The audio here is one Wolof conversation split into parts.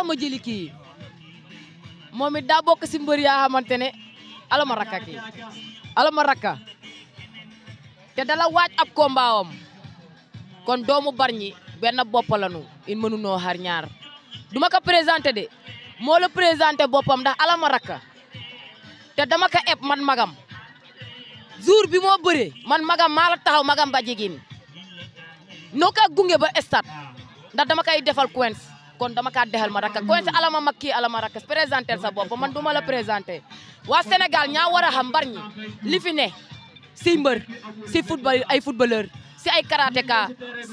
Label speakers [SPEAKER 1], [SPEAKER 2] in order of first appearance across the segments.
[SPEAKER 1] ta ma jeli ki momit da bok ci mbeur ya xamantene xamante ne alama rakka kii alama rakka te dala wacc ab kombaawam kon doomu Bargny ben bop lañu in no har ñaar duma ko présenter de mo le présenter bopam ndax alama rakka te dama ko man magam jour bi mo man magam mala taxaw magam ba jigéen noka gungé ba stade ndax dama kay defal coins kon dama kaa dexal ma rakka koy si alama mag kii alama rakka présentel sa bopp man du ma la présenté waa Sénégal ñaa war a xam mbar li fi ne si mbër si football ay footballeur si ay karatéka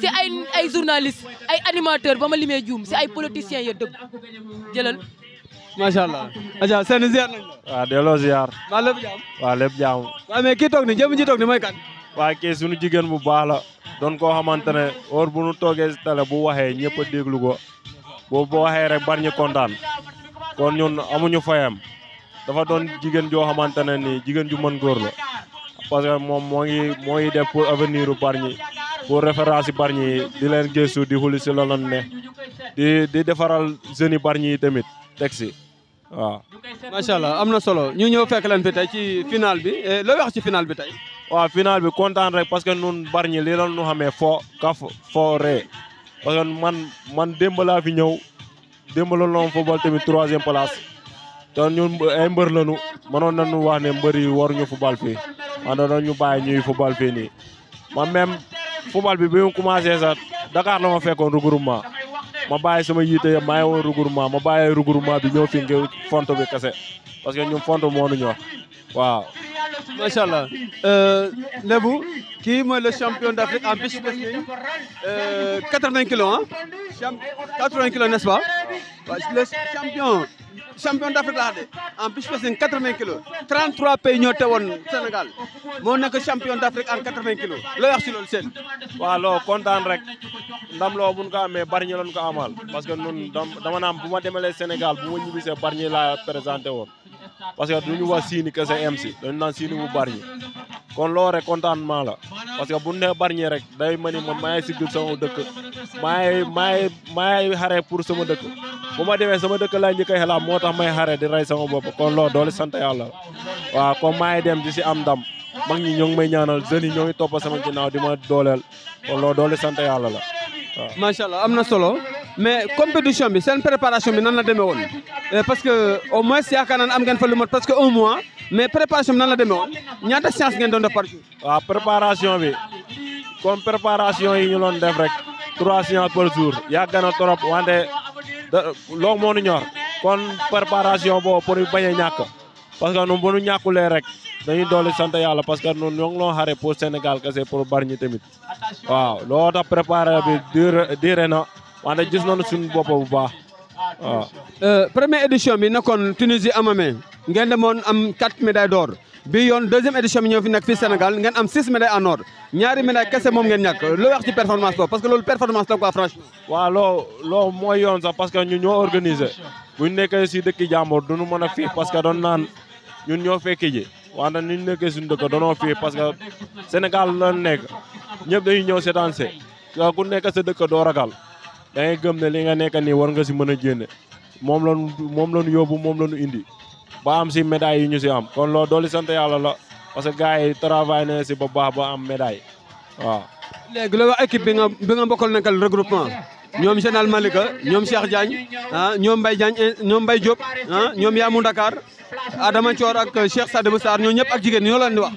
[SPEAKER 1] si ay ay journaliste ay animateur ba ma limee juum si ay politiciens ya dëgg jëlal
[SPEAKER 2] macha allah aja seen ziar nañ la waaw delloo waa
[SPEAKER 3] lépp waa lépp kii toog ni jëm ji toog ni mooy kan waa kii suñu jigéen bu baax la doon koo xamante ne heure bu nu toogee si télé bu waxee ñëpp a déglu ko boobu boo waxee rek bari kontaan kon ñun amuñu fayam dafa doon jigéen joo xamante ne nii jigéen ju mën góor la moom moo ngi moo ngi def pour avenir u Bargny pour référence yi di leen gëstu di xuli si loolu ne di defaral jeunes yi Bargny yi tamit teg si waaw.
[SPEAKER 2] macha am na solo ñu ñëw fekk leen fi tey ci final bi eh, loo wax ci final bi tey. waa final bi kontaan rek parce que nun Bargny li la ñu
[SPEAKER 3] xamee fo kaf fo ree parce que man man démb laa fi ñëw démb la loon football tamit troisième place toon ñun ay mbër lañu mënoon nañu wax ne mbër yi waruñu football fii maanaam ñu bàyyi ñuy football fii nii. ma même football bi bi mu commencé sax Dakar la ma fekkoon regroupement ma bàyyi sama yiite yëpp maa ngi woon regroupement ma bàyyi regroupement bi ñëw fi ngir bi kese parce que ñun font moo ñu ñor
[SPEAKER 2] Wow. Machallah. Euh, vous qui est le champion d'Afrique en piste ski 80 euh, kilos hein? nest ce pas. le champion champion d'Afrique en piste ski 80 kilos. 33 pays ñoo Sénégal a champion d'Afrique en 80 kg. kilos loo wax si loolu content, rek ndam suis ko ñu amal parce que nun dama naam
[SPEAKER 3] bu Sénégal vous ma un barnier de présenté parce que duñu wax siini kese em si dañu naan siini bu Bargny kon loolu rek la parce que bu ñu nee Bargny rek day ma ni man maa ngi sigil sama dëkk maa ngi maa ngi maa pour sama dëkk bu ma demee sama dëkk laa njëkk a moo tax may xare di rey sama bopp kon loolu doole sant la waa kon maa ngi dem di si am ndam mag ñi ñoo ngi may ñaanal jeunes yi ñoo ngi topp sama ginnaaw di ma dooleel
[SPEAKER 2] kon loolu doole sant yàlla la waaw. macha am na solo. mais compétition bi une préparation bi nan la demee euh, parce que au moins yaakaar naa ne am ngeen fa lu parce que un mois mais préparation bi nan la demee woon ñaata séance ngeen doon def par jour. waaw préparation bi comme
[SPEAKER 3] préparation yi ñu doon def rek trois séances par jour yàgg na trop wante lo mo ñu ñor kon préparation bo pour bañ ñak parce que nous bu ñu rek dañuy doli sant yalla parce que nous ñoo ngi loo xare pour Sénégal c'est pour bari tamit
[SPEAKER 2] waaw lo ta préparer bi dire dire na. wante gis nañu suñu bopp bu baax waaw. Euh, première bi nekkoon Tunisie amame ngeen demoon am quatre médailles d'or bi yoon deuxième édition bi ñëw fi nekk fii Sénégal ngeen am six médailles en or ñaari médailles kese moom ngeen ñàkk loo wax ci performance boobu parce que loolu performance la quoi franchement.
[SPEAKER 3] waaw loo loo mooy yoon sax parce que ñun ñoo organisé bu ñu nekkee si dëkki jàmbur du ñu a fii parce que doon naan ñun ñoo fekki ji wante ni ñu nekkee suñu dëkk doonoo da ngay gëm ne li nga nekk nii war nga si mën a génne moom la moom la ñu yóbbu moom la indi ba am si médaille yi ñu si am kon loolu dooli sant yàlla la parce que gars yi travail na si ba baax ba am médaille waaw.
[SPEAKER 2] léegi la wax équipe bi nga bi nga bokkal nekkal regroupement ñoom général Malika ñoom Cheikh Diagne ah, ñoom Mbaye Diagne eh, ñoom Mbaye Diop ah ñoom Yamou Dakar Adama Thior ak Cheikh Sadibou Sarr ñoo ñëpp ak jigéen ñoo leen di wax.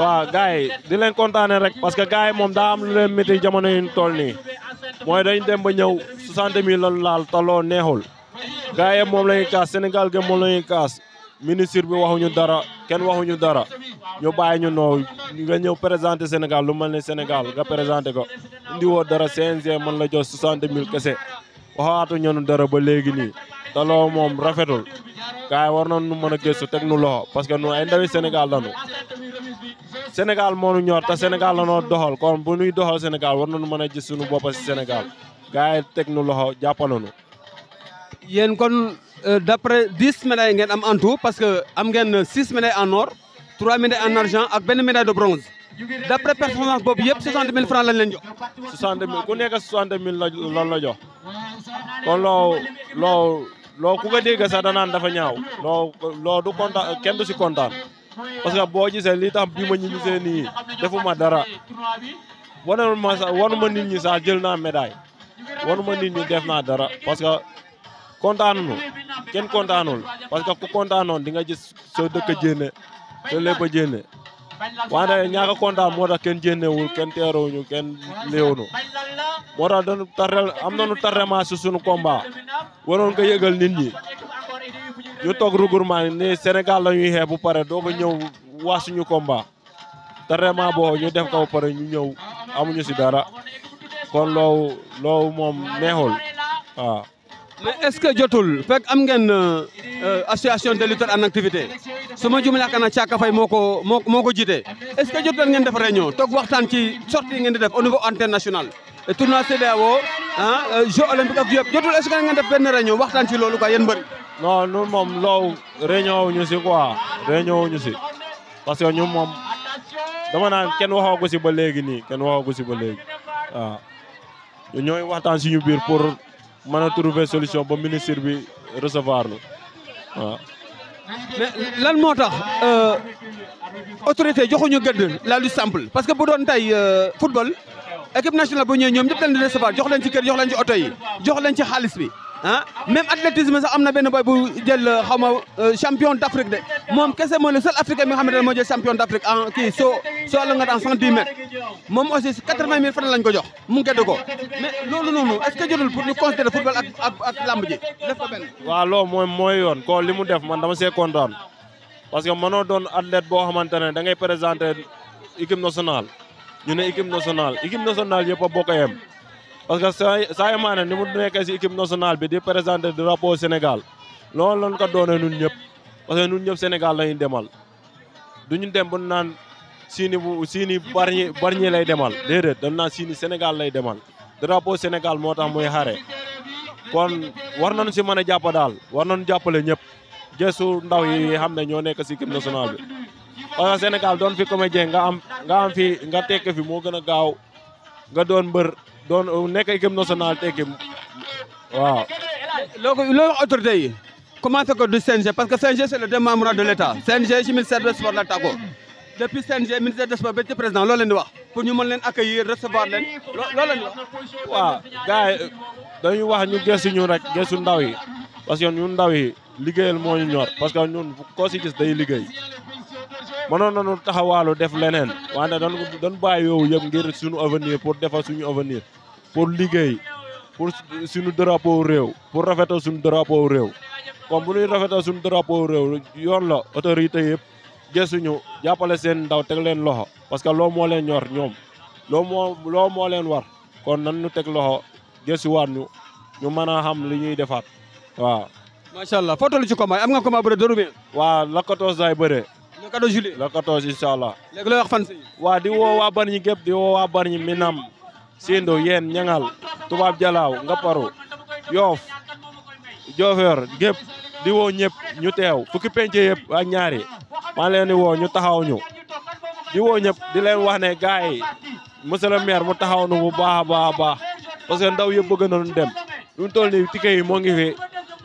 [SPEAKER 3] waaw gars yi di leen kontaane rek parce que gars yi moom daa am lu leen jamono yi ñu toll mooy dañ dem ba ñëw 60 mille lan laal taloo neexul gars yi moom la ñuy kaas Sénégal gi moom la kaas ministre bi waxuñu dara kenn waxuñu dara ñu bàyyi ñu noow nga ñëw présenté Sénégal lu mel ne Sénégal nga présenté ko indi woo dara CNG mën la jox 60 mille kese waxaatu ñunu dara ba léegi nii taloo moom rafetul gars yi war nañu mën a gëstu teg nu loxo parce que nu ay ndawi Sénégal Sénégal moo ñu ñor te Sénégal la noo doxal kon bu ñuy doxal Sénégal war nañu mën a gis suñu bopp si Sénégal gars yi teg nu loxo jàppalanu
[SPEAKER 2] yéen kon euh, d'après dix médailles ngeen am en tout parce que am ngeen six médailles en or trois médailles en argent ak benn médaille de bronze d'après performance boobu yëpp 60 000 francs lañ leen jox. ku nekk 60 000 la lan la jox
[SPEAKER 3] kon loo loo loo ku ko dégg sax dafa ñaaw loo du kontaan kenn du si kontaan. parce que boo gisee li tax bi ma ñu gisee nii defuma dara wanul ma sax wanu ma nit ñi sax jël naa médaille wanu ma nit ñi def naa dara parce que kontaanunu kenn kontaanul parce que kontaanoon di nga gis soo dëkk jénne soo lépp a jénne
[SPEAKER 2] wante ñaaka
[SPEAKER 3] kontaan moo tax kenn jénnewul kenn teerowuñu kenn léewunu moo am nañu tarrement si suñu komba waroon ko yëgal nit ñu toog regroupement ni Sénégal la ñuy xee bu pare doog a ñëw waa suñu komba te vraiment boo ñu def ko ba ñu ñëw amuñu si
[SPEAKER 2] dara kon loowu loowu moom neexul waaw. mais est-ce que jotul fekk am ngeen euh, euh, association de lutteurs en activité su ma jumel yaakaar naa Thiaka Faye moo ko moo ko jiite est-ce que jotul ngeen defaree réunion toog waxtaan ci sortie ngeen di def au niveau international. tournoi CEDEAO ah euh, Jeux olympiques ak yëpp jotul est-ce que ngeen def benn réunion waxtaan ci loolu quoi yéen mbëri. non ñun moom loolu réunion wu si quoi
[SPEAKER 3] réunion wu ñu si parce que ñun moom dama naan kenn waxoo ko si ba léegi nii kenn waxoo ko si ba léegi waaw. ñooy waxtaan suñu biir pour mën a trouver solution ba ministre
[SPEAKER 2] bi recevoir lu lan moo tax euh, autorité joxuñu gëdd la lu simple parce que bu doon tey euh, football. équipe nationale bu ñëwee ñoom ñëpp dañ di recevoir jox ci kër jox ci oto yi jox ci xaalis bi ah même athlétisme sax am na benn boy bu jël euh, xaw ma euh, champion d' Afrique de moom kese mooy le seul africain bi nga xamante moo jël champion d' Afrique kii soo soo la nga daan cent dix moom aussi si quatre vingt mille ko jox mu gëdd ko mais loolu noonu est ce que jotul pour ñu considérer football ak ji def
[SPEAKER 3] ko mooy mooy yoon ko li mu def man dama see kontaan parce boo xamante ne da ngay présenté équipe nationale. ñu ne équipe nationale équipe nationale yëpp a bokk a yem parce que Sadio Sadio Mané ni mu nekkee si équipe nationale bi di présenter drapeau Sénégal loolu lañ ko doonee ñun ñëpp parce que ñun ñëpp Sénégal lañu demal duñu dem bu naan siini bu siini barñi barñi lay demal déedéet dañ naan siini Sénégal lay demal drapeau Sénégal moo tax muy xare kon war nañu si mën a jàpp daal war nañu jàppale ñëpp gëstu ndaw yi xam ne ñoo nekk si équipe nationale bi parce que Sénégal doon fi comédien nga am nga am fi nga tekki fi moo gën a gaaw
[SPEAKER 2] nga doon mbër doon nekk équipe nationale tekki waaw. loo ko loo autorité yi commencé ko du CNG parce que CNG c'est le démembrement de l'État CNG ci ministère des sports la tàggoo depuis CNG ministère des sports ba ci président loolu leen di wax pour ñu mën leen accueillir recevoir leen loolu leen di wax. waaw gars yi wax ñu gëstu ñu rek gëstu ndaw yi
[SPEAKER 3] parce que ñun ndaw yi liggéeyal moo ñu ñor parce que ñun ko si gis day liggéey. mënoon nañu taxawaalu def leneen wante doon doon bàyyi yow yëpp ngir suñu avenir pour defar suñu avenir pour liggéey pour suñu drapeau réew pour rafetal suñu drapeau réew comme bu ñuy rafetal suñu drapeau réew yoon la autorité yëpp gëstuñu jàppale seen ndaw teg leen loxo parce que loo moo leen ñor ñoom loo moo loo moo leen war kon nan ñu teg loxo gëstuwaat ñu ñu mën a xam li ñuy defaat waaw. macha allah foo toll ci combat am nga combat bëre dëru bi. waa lakkatoo saay bëre. le 14 juillet le 14 inshallah léegi lay wax fan si waa di woo waa Bargny gépp di woo waa Bargny Minam Sindo yen ñangal tubaab jalaaw ngaparu yoof joofeer gépp di woo ñëpp ñu teew fukki penc yëpp ak ñaari maa leen di woo ñu taxaw ñu di woo ñëpp di leen wax ne gars yi monsieur le maire mu taxaw nu bu baax a baax parce que ndaw yëpp bëgg nañu dem lu mu toll nii ngi fi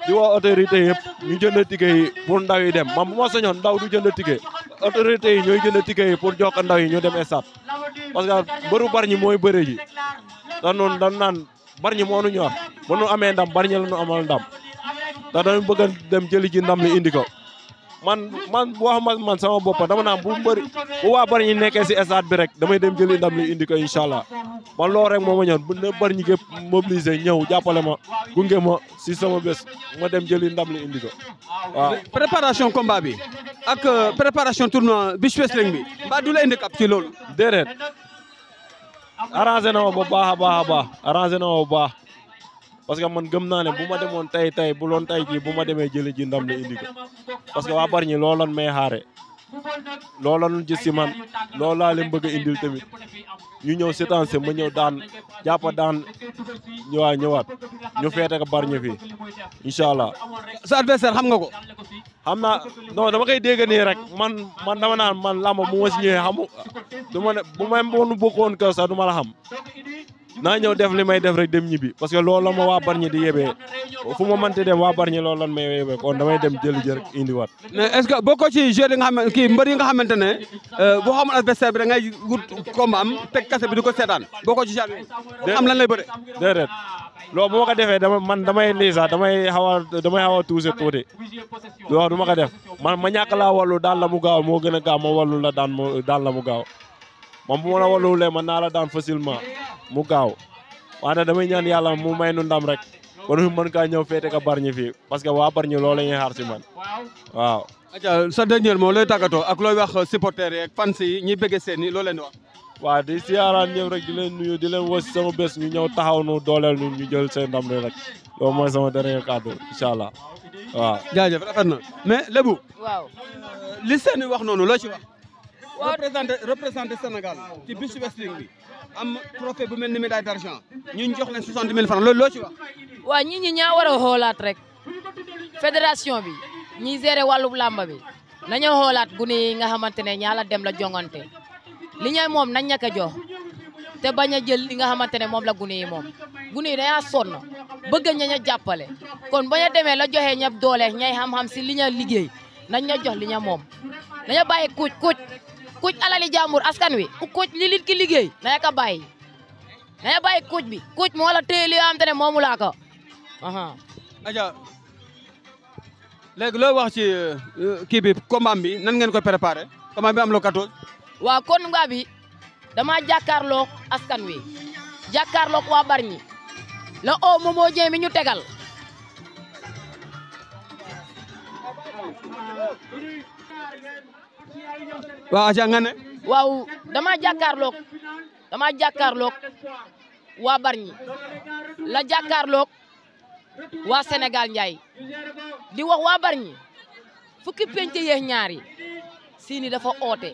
[SPEAKER 3] di woo autorité yëpp ñu jënd ticket yi pour ndaw yi dem man bu ma sañoon ndaw du jënd ticket autorité yi ñooy jënd ticket yi pour jox ndaw yi ñu dem stade
[SPEAKER 2] parce que bëru Bargny mooy bëre ji
[SPEAKER 3] te noonu dañu naan Bargny moo nu ñor ba nu amee ndam Bargny la nu amal ndam te dañu bëgg a dem jëli ji ndam mi indi ko. man man waxuma man sama boppa dama naan bu mbëri bu waa bari ñu nekkee si stade bi rek damay dem jëli ndam li indi ko incha allah man loolu rek moo ma ñoon bu ne bari ñu gépp mobiliser ñëw jàppale ma gunge si sama bés
[SPEAKER 2] ma dem jëli ndam li indi ko waaw. préparation combat bi ak euh, préparation tournoi beach bi mbaa du la indi cap ci loolu. déedéet arrangé
[SPEAKER 3] na ma ba baax a baax a ba parce que man gëm naa ne bu ma demoon tey tey bu loon tey jii bu ma demee jëli ji ndam la indi parce que waa Bargny looloon may xaare looloon gis si man loolu laa leen bëgg a indil tamit ñu ñëw sétance ma ñëw daan jàppa daan ñëwaa ñëwaat ñu feete ko Bargny fii incha allah. sa adversaire xam nga ko. xam naa non dama koy dégg nii rek man man dama naan man làmb bu ma si ñëwee xamu du ma ne bu ma bokkoon kër la xam. naa ñëw def li may def rek dem ñibbi parce que loolu mo wa waa Bargny di yebee fu ma mënti dem waa Bargny loolu lan may yebee kon damay dem jëli jër
[SPEAKER 2] indiwaat. mais est que bokkoo ci joueur yi nga xam kii mbër nga xamante ne euh, boo xamul bi da ngay wut am teg kase bi di ko seetaan bokkoo ci genre am lan lay bëre. déedéet loolu bu ma ko defee dama man damay lii sax damay xaw
[SPEAKER 3] a damay xaw a tuuse tuuti loolu du ma ko def man ma ñàkk laa wallu daan la mu gaaw moo gën a gaaw ma wallu la daan mu daan la mu gaaw. moom bu ma la walluwulee man na la dan facilement mu gaaw waante damay ñaan yalla mu may nu ndam rek ba nu mën ka ñew fété ka barñi
[SPEAKER 2] fi parce que wa barñi lo la ñuy xaar ci man waaw. acha sa dernier mot lay tàggatoo ak loy wax supporter yi ak fans yi ñi bëgg seen ni lo leen wax. wa di siara ñew rek di leen nuyu di
[SPEAKER 3] leen wosi sama bés ñu ñew taxaw nu dooleel ñu ñu jël seen ndam rek lo moy sama dernier cadeau
[SPEAKER 2] inshallah waaw. jaajëf rafet na mais lebu waaw li seen wax nonu lo ci wax. représenté représenté Sénégal ci beach wrestling bi am trophée bu mel ni médaille d'argent ñu jox leen 60 000 francs loolu loo ci wax.
[SPEAKER 1] waaw ñi ñi ñaa war a xoolaat rek fédération bi ñi géré wàllu làmb bi nañoo xoolaat gune yi nga xamante ne ñaa la dem la jongante li ñay moom nañ ñàkk a jox te bañ a jël li nga xamante ne moom la gune yi moom gune yi dañaa sonn bëgg ña ña jàppale kon bañ a demee la joxee ña doole ñay xam-xam si li ña liggéey nañ ña jox li ña moom naña kuc alali jàmbur askan wi ku kuc li lit ki liggéey na ka bàyyi na bàyyi kuc bi kuc moo la téye li nga xamante
[SPEAKER 2] ne aja léegi loo wax ci euh, kii bi combat bi nan ngeen ko préparé combat bi am lo 14.
[SPEAKER 1] kon nga bi dama jàkkaarloog askan wi jàkkaarloog waa Bargny la o moomoo jee ñu tegal. waaw aca nga ne waaw dama jàkkaarloog dama jàkkaarloog waa Bargny la jàkkaarloog waa Sénégal Ndiaye di wax waa Bargny fukki penc yeex ñaar dafa oote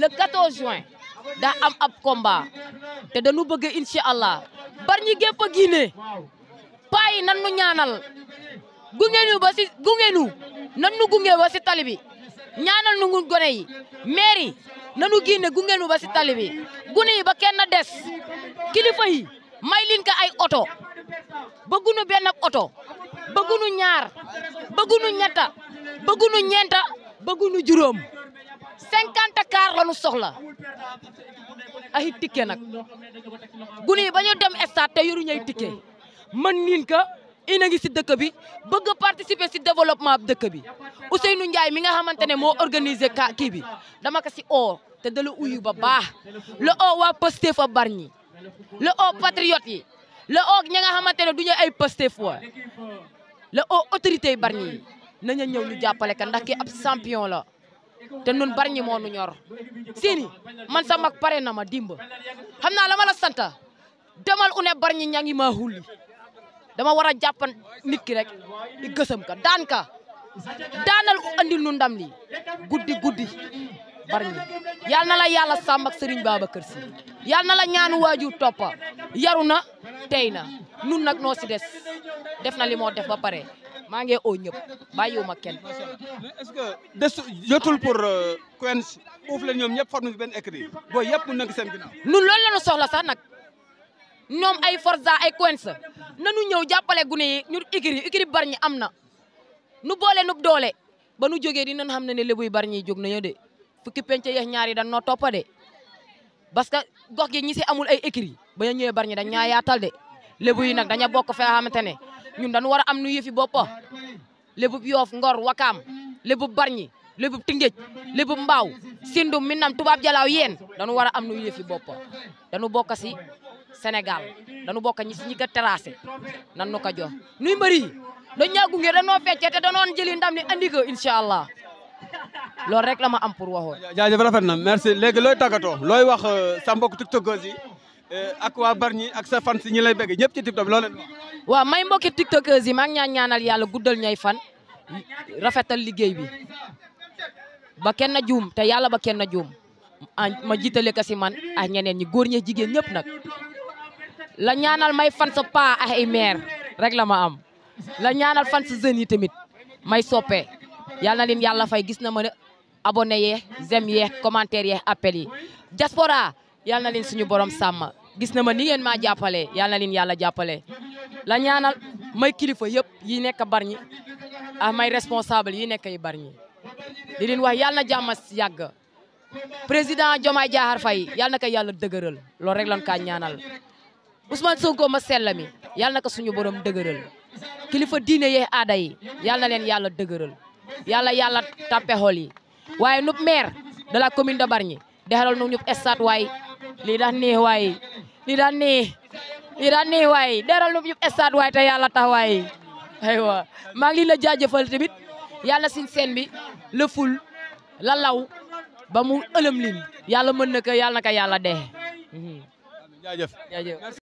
[SPEAKER 1] le 14 juin daa am ab combat te dañu bëgg incha allah Bargny gépp a giine paa nan nu ñaanal gunge ba si gunge nan nu gunge ba si tali bi ñaanal nu ngu gone yi mairie nanu génne gunge nu ba si yi ba kenn des kilifa yi may leen ay oto bëggunu benn ak oto bëggunu ñaar bëggunu ñetta bëggunu ñeenta bëggunu juróom cinquante car la nu soxla ay ticket nag gune yi ba ñu dem stade te ina ngi si dëkk bi bëgg participer si développement bi dëkk bi Ousseynou ndjay mi nga xamantene mo organiser ka ki bi dama ka ci o te dala uyu ba baax le o wa Pastef fa barni le o patriote yi le o ña nga xamantene duñu ay Pastef wa le o autorité barni na nañu ñu jappalé ka ndax ki ab champion la te ñun barni mo ñu ñor sini man sa pare na ma dimba xamna la santa demal une barni ñangi ma dama wara jappan nit ki rek di gësam ka dan ka danal ko andil nu ndam li guddi guddi barni yal na la yalla sam ak Serigne Babacar si yal na la ñaanu waju toppa yaruna teyna nun nag noo si des def na li mo def ba pare ma nge o ñep bàyyiwuma ken est-ce
[SPEAKER 2] que des jotul pour euh, Quench uuf la ñom ñep forme bi écrit bo yep mu nekk seen
[SPEAKER 1] nun loolu la ñu soxla sax nak ñoom ay Forza ay Coense nanu ñëw jàppale gune yi ñu ikiri ikiri bari ñi am na nu boole nu doole ba nu jógee dinañ xam ne ne lébuy bari ñi jóg nañu de fukki penc yeex ñaar yi dañ noo toppa de parce que gox gi ñi si amul ay ikiri ba ñu ñëwee bari ñi dañ ñaa yaatal de lébu yi nag daña bokk fee xamante ne ñun dañu war a am nu yëfi boppa lébub yoof ngor wakaam lébub barñi lébub tingéej lébub mbaaw sindum minam tubaab jalaaw yéen dañu war a am nu yëfi boppa dañu bokk si Senegal, dañu bokk ñi ci ñi ko terrassé nan nu ko jox nuy mbëri dañ ñaa gunge danoo feccee te danoon jëli ndam ni andi ko inshallah allah rek la ma am pour waxoon.
[SPEAKER 2] jaajëf rafet na merci légui loy tagato loy wax euh, sa mbokk tiktokers yi
[SPEAKER 1] euh, ak wa
[SPEAKER 2] barni ak sa fan si ñi lay bëgg ñepp ci tiktok loo
[SPEAKER 1] wa wax. may mbokki tiktokers yi maa ñaan ñaanal yalla guddal ñay fan rafetal liggey bi ba kenn juum te yalla ba kenn juum ma jitalé ko man ak ñeneen ñi goor ñe jigéen ñepp nak la ñaanal may fan sa ak ay maire rek la ma am la ñaanal fan sa jeunes yi tamit may soppe yal na leen yàlla fay gis na ma ne abonné yeex j'aime yeex commentaire yeex yi diaspora yal na leen suñu borom sàmm gis na ma ni ngeen maa jàppale yal na leen yàlla jàppale la ñaanal may kilifa yëpp yi nekk Bargny ah may responsable yi nekk yi di leen wax yàlla na jàmm yàgg président Diomaye Diakhar fay yàlla na ko yàlla dëgëral loolu rek lan kaa ñaanal Ousmane Sonko ma sell mi yàlla na ko suñu borom dëgëral kilifa diine yee aada yi yàlla na leen yàlla dëgëral yàlla yàlla tàppe yi waaye nup maire dala la commune de Bargny dexeral nu ñup stade waay lii daa neex waay lii daa neex lii daa neex waay dexeral nu ñup stade waay te yàlla tax waay maa ngi la jaajëfal tamit yàlla sin seen bi la ful la law ba mu ëlëm